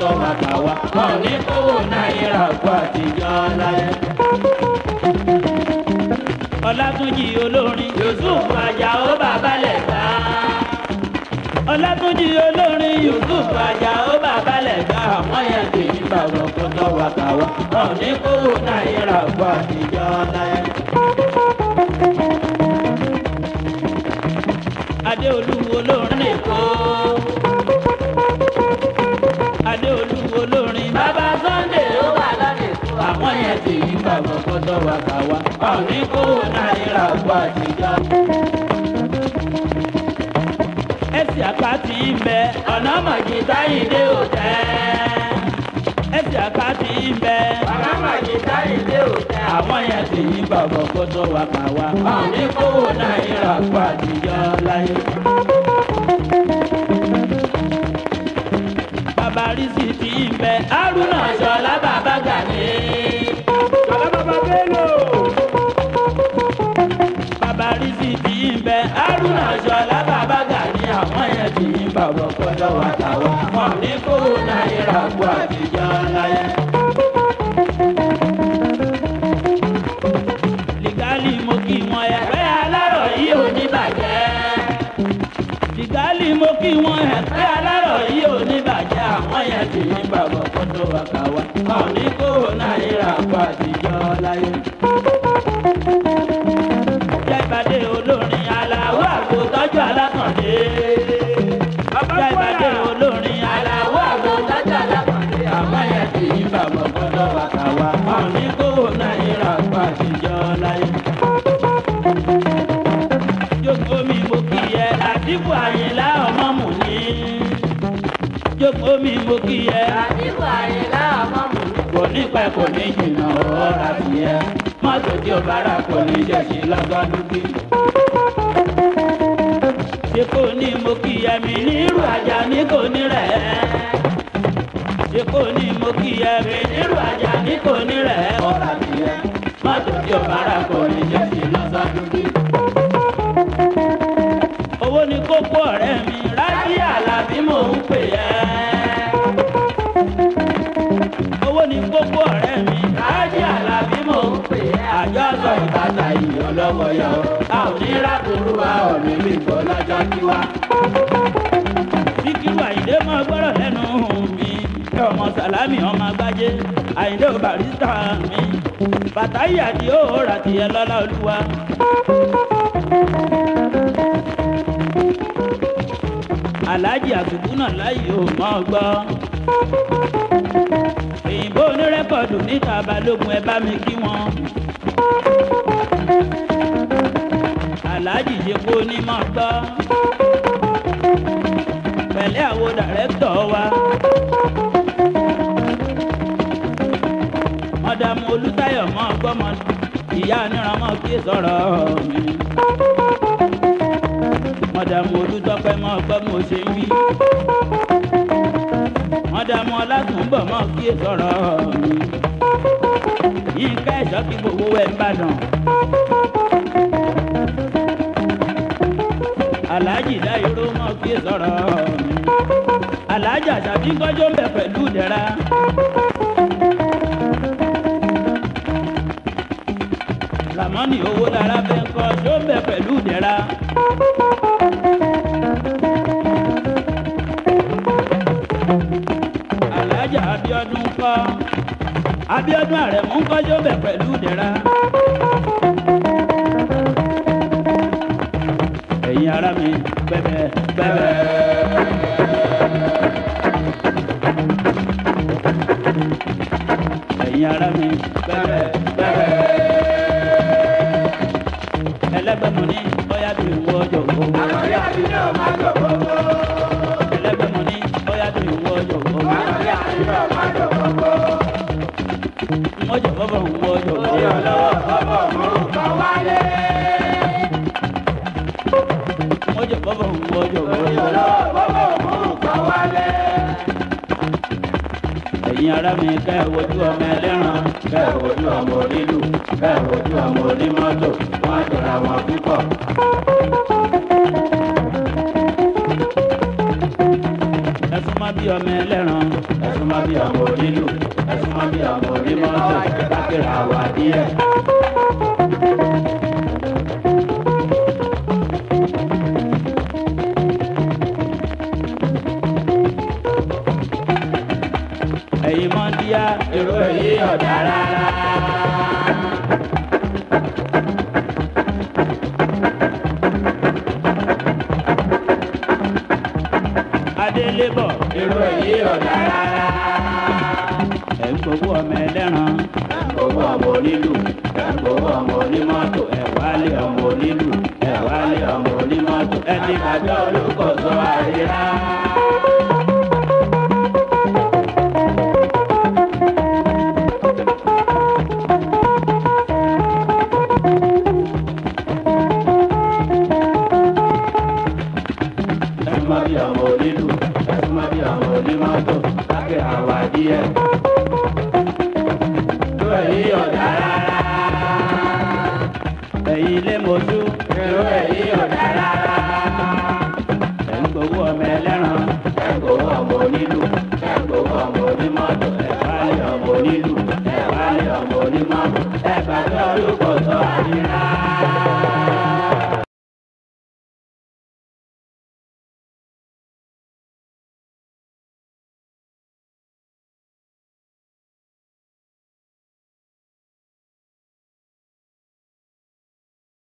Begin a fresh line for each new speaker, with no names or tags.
tó máa kà wá. wọn ní kówó náírà kó àtijọ́ láyé. ọlátúnjì olórin yusuf ajáò bàbá lẹ̀ gbá. ọlátúnjì olórin yusuf ajáò bàbá lẹ̀ gbá. àwọn yẹn ti ní bàbá kó tó wá kà wá. wọn ní kówó náírà kó àtijọ́ láyé. bàbá wa. àmì kó náírà wà níjà. ẹsẹ̀ àpáti ìbẹ̀. ọ̀nà màgì táyìndé ò tẹ́. ẹsẹ̀ àpáti ìbẹ̀. ọ̀nà màgì táyìndé ò tẹ́. àwọn yẹn sì yí bàbá kó tó wà pa wá. àmì náírà wà níjà láyé. bàbá rí sí ti ìbẹ̀. arúnà ṣọlá bàbá. bẹ haruna ṣọlá bàbá gani àwọn yẹn ti ń tawa kọjọ wà táwọn wọn ní kówó náírà kú àtijọ́ láyé. lìgálì mo kí wọn ẹ pé alárò yìí ò ní bàjẹ́. lìgálì mo kí wọn ẹ pé yìí ò ní bàjẹ́ àwọn yẹn ti ní mi mo kì í ẹ Àtíkù Àyìnlá ọmọ mi mo kì í ẹ Àtíkù Àyìnlá ọmọ mò ní. kò ní pẹ́ kò ní jìnnà ọ̀rá sí ẹ mọ́tò tí o bára kò ní jẹ́ ṣé kò ní mo kì í nírú àjà ní kò ní rẹ̀ èkó ni mo kí ẹ bìnírù ajá ní kò ní rẹ̀ ọ̀rà nìyẹn má tó di ọ̀bára kò ní jẹ́ sí lọ́sà dúdú. owó ni kókó ọ̀rẹ́ mi rájí àlàbí mò ń pè ẹ́. owó ni kókó ọ̀rẹ́ mi rájí àlàbí mò ń pè ẹ́. àjọ sọ ìtajà ìyọ̀lọ́wọ́ yọ a ò ní rákòrò wa ọ̀rẹ́ mi gbọ́ lọ́jọ́ kí wa. bí kírú àyíndé máa gbọ́rọ̀ lẹ́nu mi. Àṣàkẹ́ ọmọ Sàlámì ọmọ Agbájé Àyìndé Barrister mi Fàtáyà tí ó rà tiẹ̀ lọ́lá Olúwa. Alhaji àtùkúnà láyé ò mọ́ gbọ́. Òyìnbó onírẹ́kọ̀dù níta balógun ẹ bá mi kí wọn. Alhaji ṣe kó onímọ̀ gbọ́. ìyá níran mọ́ kí sọ̀rọ̀ mi. mọ̀dàmú olùtọ́pẹ́ mọ́ ọgbẹ́ mo ṣe ń wí. mọ̀dàmú ọlásùnbọ̀ mọ́ kí sọ̀rọ̀ mi. yínká ẹ̀ṣọ́ kí gbogbo ẹ̀ ń bàdàn. aláàjì dáìró mọ́ kí sọ̀rọ̀ mi. aláàjà tàbí kọjọ́ ń bẹ̀ pẹ̀lú ìdẹ̀ra. àmọ́ ní owó lára fẹ́ kọ́ tó ń bẹ pẹ̀lú ìdẹ́ra. alájà Abíọ́dún kọ́ Abíọ́dún Àrẹ̀mú kọ́ tó ń bẹ pẹ̀lú ìdẹ́ra. ẹ̀yin ara mi bẹ́bẹ́ bẹ́bẹ́. ẹ̀yin ara mi. bọ́bọ̀ wọ ọjọ́ wọlé. olówó bọ́bọ̀ mú kọ́ wálé. ọjọ́ bọ́bọ̀ wọ ọjọ́ wọlé. olówó bọ́bọ̀ mú kọ́ wálé. ẹ̀yin ará mi kẹ́ ẹ̀ wojú ọmọ ẹlẹ́ran kẹ́ ẹ̀ wojú ọmọ onílù kẹ́ ẹ̀ wojú ọmọ onímọ́tò wọ́n jọra wọn púpọ̀. ẹ tún bí ọmọ ẹlẹ́ran ẹ tún bí ọmọ onílù ẹ̀sùn mọ́ bí ọmọ onímọ́tò kákìrà wà díẹ̀. ẹ̀yin mọ́ díẹ̀ èrò èyí ọmọ ẹlẹ́ran. ẹ ń gbowó ọmọ onílù ẹ ń gbowó ọmọ onímọ́tò ẹ wálé ọmọ onílù ẹ wálé ọmọ onímọ́tò ẹ ti bàjẹ́ olùkọ́sọ àríyá. ọmọ onílù ẹ̀rọ yìí ò dá rárá. ẹ̀yin lé mojú ẹ̀rọ yìí ò rárá. ẹ̀ ń gbowó ọmọ ẹlẹ́.